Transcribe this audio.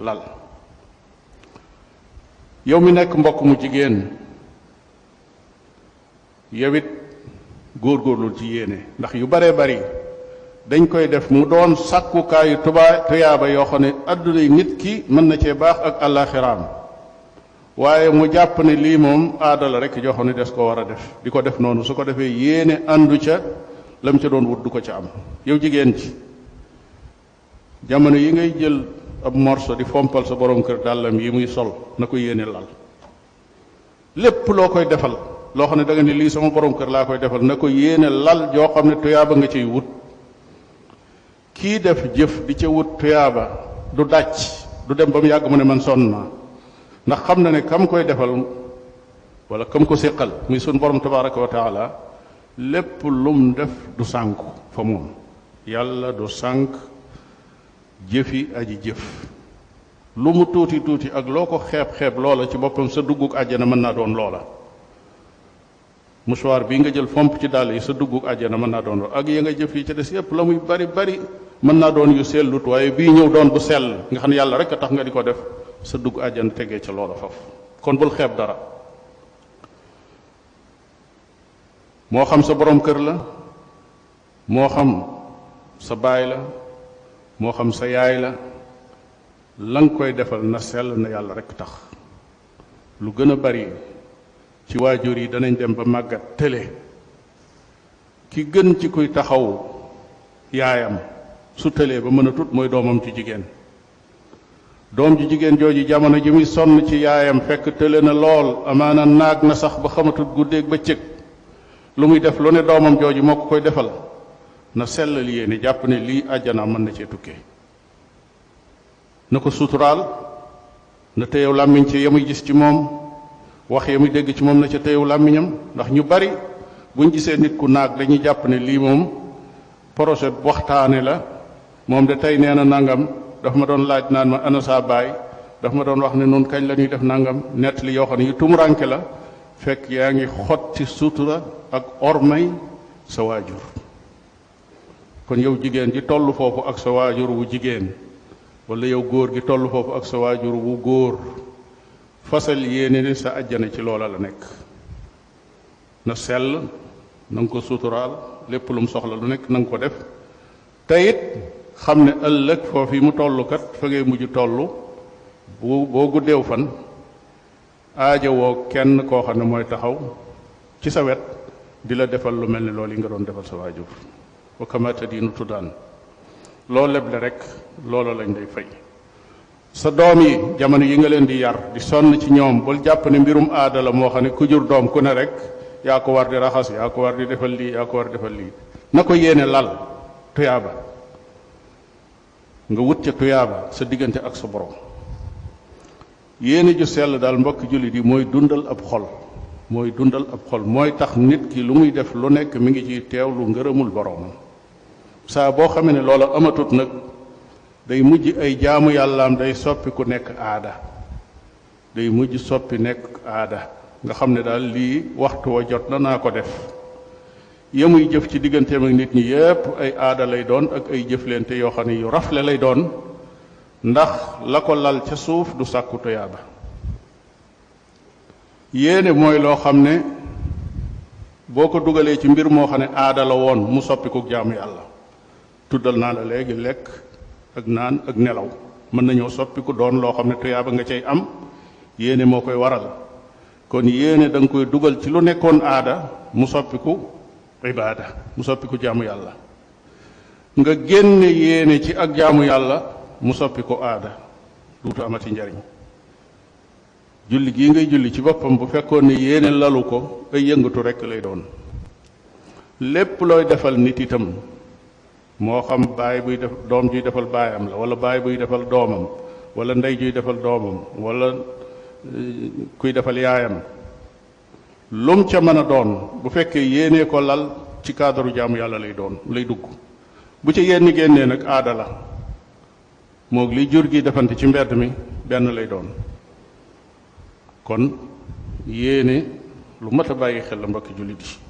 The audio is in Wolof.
lal yow mi nekk mbokk mu jigéen yow it góorgóorlu ci yéene ndax yu baree bari dañ koy def mu doon sàkkukaayu tubaa tuyaaba yoo xam ne adduna nit ki mën na cee baax ak àllaaxiraam waaye mu jàpp ni lii moom aada la rek joo ne des ko war a def di ko def noonu su ko defee yéene àndu ca lam ca doon wut du ko ca am yow jigéen ci jamono yi ngay jël ab morso di fompal sa borom kër dàllam yi muy sol na ko yéene lal lépp loo koy defal loo xam ne da ne lii sama borom kër laa koy defal na ko yéene lal joo xam ne tuyaaba nga ciy wut kii def jëf di ca wut tuyaaba du dàcc du dem ba mu yàgg mu ne man sonn ndax xam na ne kam koy defal wala kam ko séqal muy sun borom tabaraka wa taala lépp lum def du sànku fa moom yàlla du sànk jëfi aji jëf lu mu tuuti tuuti ak loo ko xeeb-xeeb loola ci boppam sa dugguk àjjana mën naa doon loola musuwaar bii nga jël fomp ci dàll yi sa dugguk àjjana mën naa doon loola ak ya nga jëf yi ca des yépp la muy bari bari mën naa doon yu sellut waaye bii ñëw doon bu sell nga xam ne yàlla rek a tax nga di ko def sa dugg àjjana tegee ca loola foofu kon bul xeeb dara moo xam sa boroom kër la moo xam sa baay la moo xam sa yaay la la koy defal na sell na yàlla rekk tax lu gën a bari ci waajur yi danañ dem ba màggat tële ki gën ci kuy taxawu yaayam su tëlee ba mën mooy doomam ci jigéen doom ji jigéen jooju jamono ji muy sonn ci yaayam fekk tële na lool amaana naag na sax ba xamatut guddeeg bëccëg lu muy def lu ne doomam jooju moo ko koy defal na sellal yéene jàpp ne lii àjjana mën na cee tukke na ko suturaal na téyew làmmiñ ci yamuy gis ci moom wax yamuy dégg ci moom na ca téyew làmmiñam ndax ñu bari buñ gisee nit ku naag lañuy jàpp ne lii moom projet waxtaane la moom de tey nee na nangam dafa ma doon laaj naan ma ana saa baay dafa ma doon wax ne noonu kañ lañuy def nangam nett li yoo xam ne yu tumuranke la fekk yaa ngi xot ci sutura ak ormay sa waajur kon yow jigéen ji tollu foofu ak sa waajur wu jigéen walla yow góor gi tollu foofu ak sa waajur wu góor fasal yéene ni sa ajjana ci loola la nekk na sell na ko suturaal lépp lu mu soxla lu nekk nanga nga ko def te it xam ne ëllëg foofu mu toll kat fa ngay mujj toll bu boo guddeew fan aajowoo kenn koo xam ne mooy taxaw ci sa wet di la defal lu mel ni loolu yi nga doon defal sa waajur wa kama tadiinu tuddaan loo leble rek looloo lañ day fay sa doom yi jamono yi nga leen di yar di sonn ci ñoom bul jàpp ne mbirum aadala moo xam ne ku jur doom ku ne rek yaa ko war di raxas yaa ko war di defal lii yaa ko war di defal lii na ko yéene lal tuyaaba nga wut ca tuyaaba sa diggante ak sa borom yéene ju sell daal mbokk jullit yi mooy dundal ab xol mooy dundal ab xol mooy tax nit ki lu muy def lu nekk mi ngi ciy teewlu ngërëmul boroomam saa boo xamee ne loola amatut nag day mujj ay jaamu yàllaam day soppi ku nekk aada day mujj soppi nekk aada nga xam ne daal lii waxtu wa jot na naa ko def yemuy jëf ci digganteem ak nit ñi yépp ay aada lay doon ak ay jëflente yoo xam ne yu rafle lay doon ndax la ko lal ca suuf du sàkku toyaaba yéene mooy loo xam ne boo ko dugalee ci mbir moo xam ne aada la woon mu soppi ku jaamu yàlla tuddal naa la léegi lekk ak naan ak nelaw mën nañoo soppiku doon loo xam ne tuyaaba nga cey am yéene moo koy waral kon yéene danga koy dugal ci lu nekkoon aada mu soppiku ibaada mu soppiku jaamu yàlla nga génne yéene ci ak jaamu yàlla mu soppiku aada duutu amati njariñ julli gii ngay julli ci boppam bu fekkoon ne yéene lalu ko ay yëngatu rekk lay doon lépp looy defal nit itam moo xam baay buy def doom juy defal baayam la wala baay buy defal doomam wala ndey juy defal doomam walla eh, kuy defal yaayam lum ca mën a doon bu fekkee yéenee ko lal ci cadre jaamu yàlla lay doon lay dugg bu ca yenn génnee nag aadala la moog li jur gi defante ci mbedd mi benn lay doon kon yéene lu mat a bàyyi xel la mbokki jullit yi